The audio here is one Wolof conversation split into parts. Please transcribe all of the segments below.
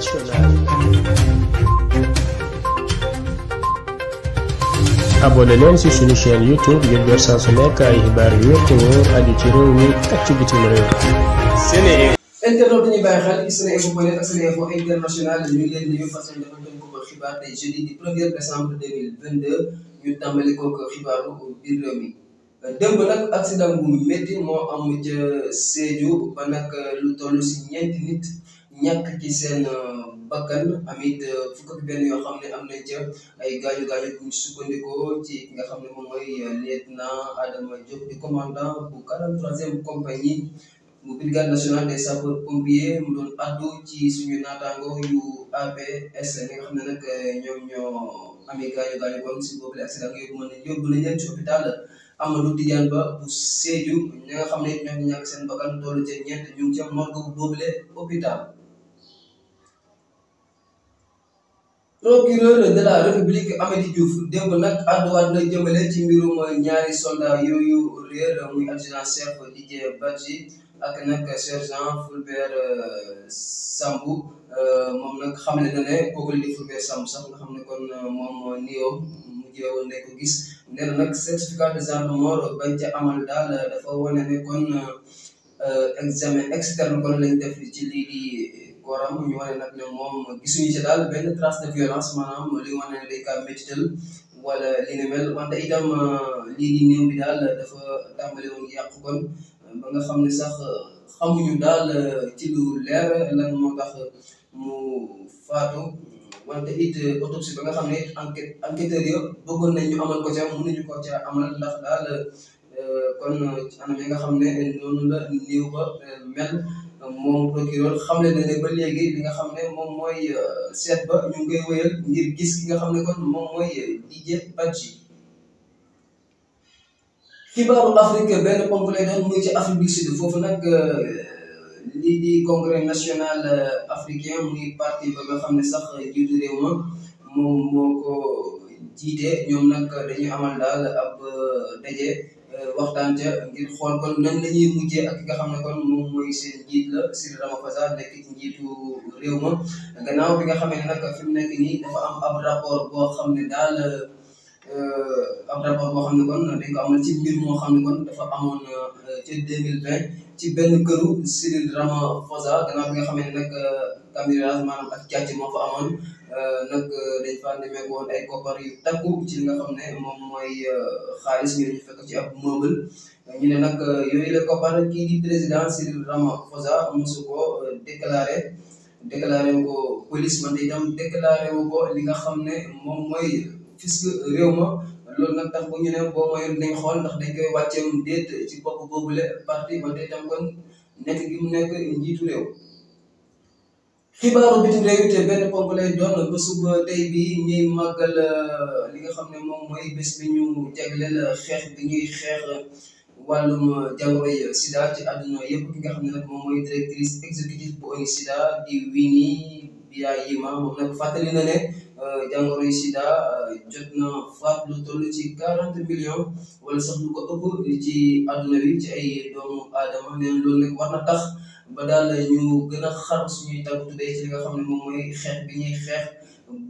internationale. abonné leen ci suñu chaîne youtube ngir saa su nekk xibaar yu wér te ci réew mi ak ci bitim réew. Sénégal. internaute dañuy bàyyi xel ci ñu leen di nuyu fas ko xibaar tey jeudi di premier décembre ñu tàmbali ko xibaaru biir réew mi. démb nag accident bu métti moo am ca ba nag lu si ñeenti nit ñàkk ci seen euh, bakkan amit euh, fukk ak yoo xam ne am nañ ca ay gaañu gaañu ci ki nga xam ne moom mooy euh, lieutenant Adama Diop di commandant bu 43e compagnie bu brigade nationale des sapeurs pompiers mu doon addu ci suñu naataango yu APS li nga xam ne nag ñoom ñoo amee gaañu gaañu kon si boobu Ba bu Sédhiou nga xam ne ñoom ñàkk seen bakkan toll ca ñeent ñu ngi ca morgue bu hôpital. procureur de la république Amady Diouf démb nag àdduwaat na jëmale ci mbirum ñaari soldat yooyu réer muy adjudant chef Didier Badji ak nag sergent Fulbert euh, Sambou euh, moom nag xamle ne kooku la di Fulbert Sambou sax nga xam ne kon euh, moom niyoom mujjee woon ko gis nee na nag certificat de amal daal dafa wane ne kon examen externe kon lañ def ci lii di. kooram ñu wane nag ne moom gisuñu ci daal benn trace de violence maanaam li wane ne ka métital wala li ne mel wante itam euh, lii di néew bi daal dafa tàmbali woon yàqu kon ba nga xam ne sax euh, xamuñu daal euh, ci lu leer lan moo mu faatu wante it autopsie ba nga xam ne enquête yo bëggoon nañ ñu amal ko ca mënuñu ko ca amal ndax daal kon anam yi nga xam ne noonu la néew ba mel moom procureur xam ne ne ba léegi li nga xam ne moom mooy euh, seet ba ñu ngi koy ngir gis ki nga xam ne kon moom mooy euh, Didier Badji xibaaru Afrique benn ponk lay doon muy Afrique du Sud foofu nag euh, lii di congrès national africain muy parti ba nga xam ne sax jiitu réew moom moo ko jiite ñoom nag dañuy amal daal ab daje. Euh, waxtaan ca ngir xool kon nan la ñuy mujjee ak ki nga xam ne kon moom mooy seen njiit la Cyril Ramaphosa nekk ci njiitu réew ma gannaaw bi nga xam ne nag fi mu nekk nii dafa am rapport boo xam ne daal. Euh, ab rapport boo xam ne kon dañ ci mbir mo xam ne kon dafa amoon euh, ci deux mille vingt ci benn këru Cyril Ramaphosa gannaaw bi nga xam ne nag cambriolage euh, maanaam ak càcc moo fa amoon nag dañ fa demee woon koppar yu takku ci nga xam ne moom mooy xaalis ñu fekk ci ab meuble ñu ne nag koppar kii di président Cyril Ramaphosa mosu ko déclaré déclaré ko police man itam déclaré wu ko li nga xam ne moom mooy. fisc réew ma loolu nag tax bu ñu ne boo mayoon dinañ xool ndax dañ koy wàcceem ci bopp boobule parti ba tey tam kon nekk gi mu nekk njiitu réew. xibaaru bitim réew te benn ponk lay doon bésub tey bi ñuy màggal li nga xam ne moom mooy bés bi ñu jagleel xeex bi ñuy xeex wàllum jàngoroy sida ci àdduna yëpp ki nga xam ne nag moom mooy directrice exécutive bu ONU sida di Winnie Byanyima moom nag fàttali na ne jàngoro eh, yi sida eh, jot na faat lu toll ci quarante millions wala sax lu ko ëpp ci àdduna bi ci ay doomu aadama neen loolu nag war na tax ba daal ñu gën a xar suñuy tàggu tuddee ci li xam ne moom mooy xeex bi ñuy xeex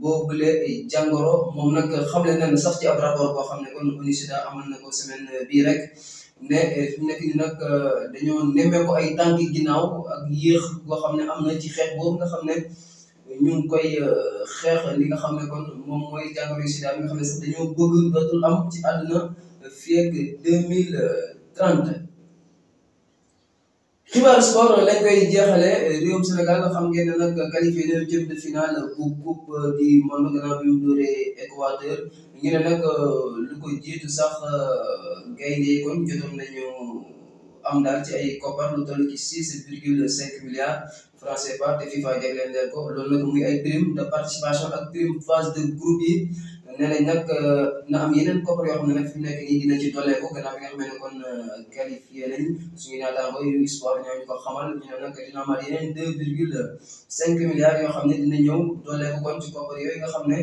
boobule jàngoro moom nag xamle nañ sax ci ab rapport boo xam ne kon ONUSIDA amal na ko semaine bii rek ne eh, fi mu nekk nii nag dañoo nemmee ko ay tànki ginnaaw ak yéex boo xam ne am na ci xeex boobu nga xam ne. ñu koy euh, xeex li nga xam ne kon moom mooy jàngoro sida bi nga xam ne sax dañoo bëgg dootul am ci àdduna fii ak deux mille trente. xibaar sport lañ koy jeexale réewum Sénégal xam ngeen nag qualifié na jëm de finale bu coupe du monde gannaaw bi mu dóoree Équateur ñu nag euh, lu ko jiitu sax euh, gaynde kon jotoon nañu. am daal ci ay koppar lu toll ci six virgule cinq milliards francs CFA te FIFA jagleel leen ko loolu nag muy ay prime de participation ak prime phase de groupe yi nee nañ nag euh, na am yeneen koppar yoo xam ne nag fi mu nekk nii dina ci dollee ko gannaaw bi nga xam ne kon euh, qualifié nañ suñu naataango yu sport ñooñu ko xamal ñu ne nag dina amaat yeneen deux virgule cinq milliards yoo xam ne dina ñëw dollee ko kon ci koppar yooyu nga xam ne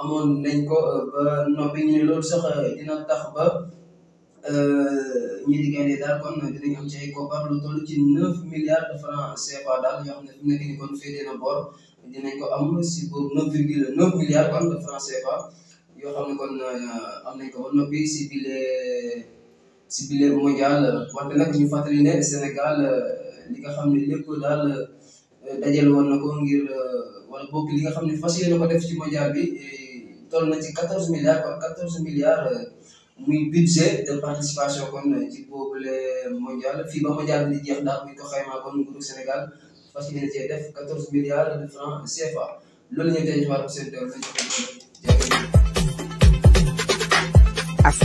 amoon nañ ko euh, ba noppi ñu ne loolu sax dina tax ba. Euh, ñii di gaynde daal kon dinañ ci ay toll ci neuf milliards de francs CFA daal yoo xam ne fi mu nekk nii kon féetee na boor dinañ ko am si boobu neuf milliards kon de francs CFA xam ne kon euh, am nañ ko noppi si bile si bile mondial wante nag ñu fàttali ne Sénégal euh, li nga xam ne lépp daal dajale woon na ngir wala bokk li nga xam ne fas yéene ko def ci mondial bi eh, toll na ci quatorze milliards quatorze milliards. muy budget de participation kon ci boobule mondial fii ba mondial bi di jeex daal bu ñu ko xaymaa kon nguuru Sénégal fas yéene cee def quatorze milliards de francs CFA loolu ñu tey ñu war a seen teew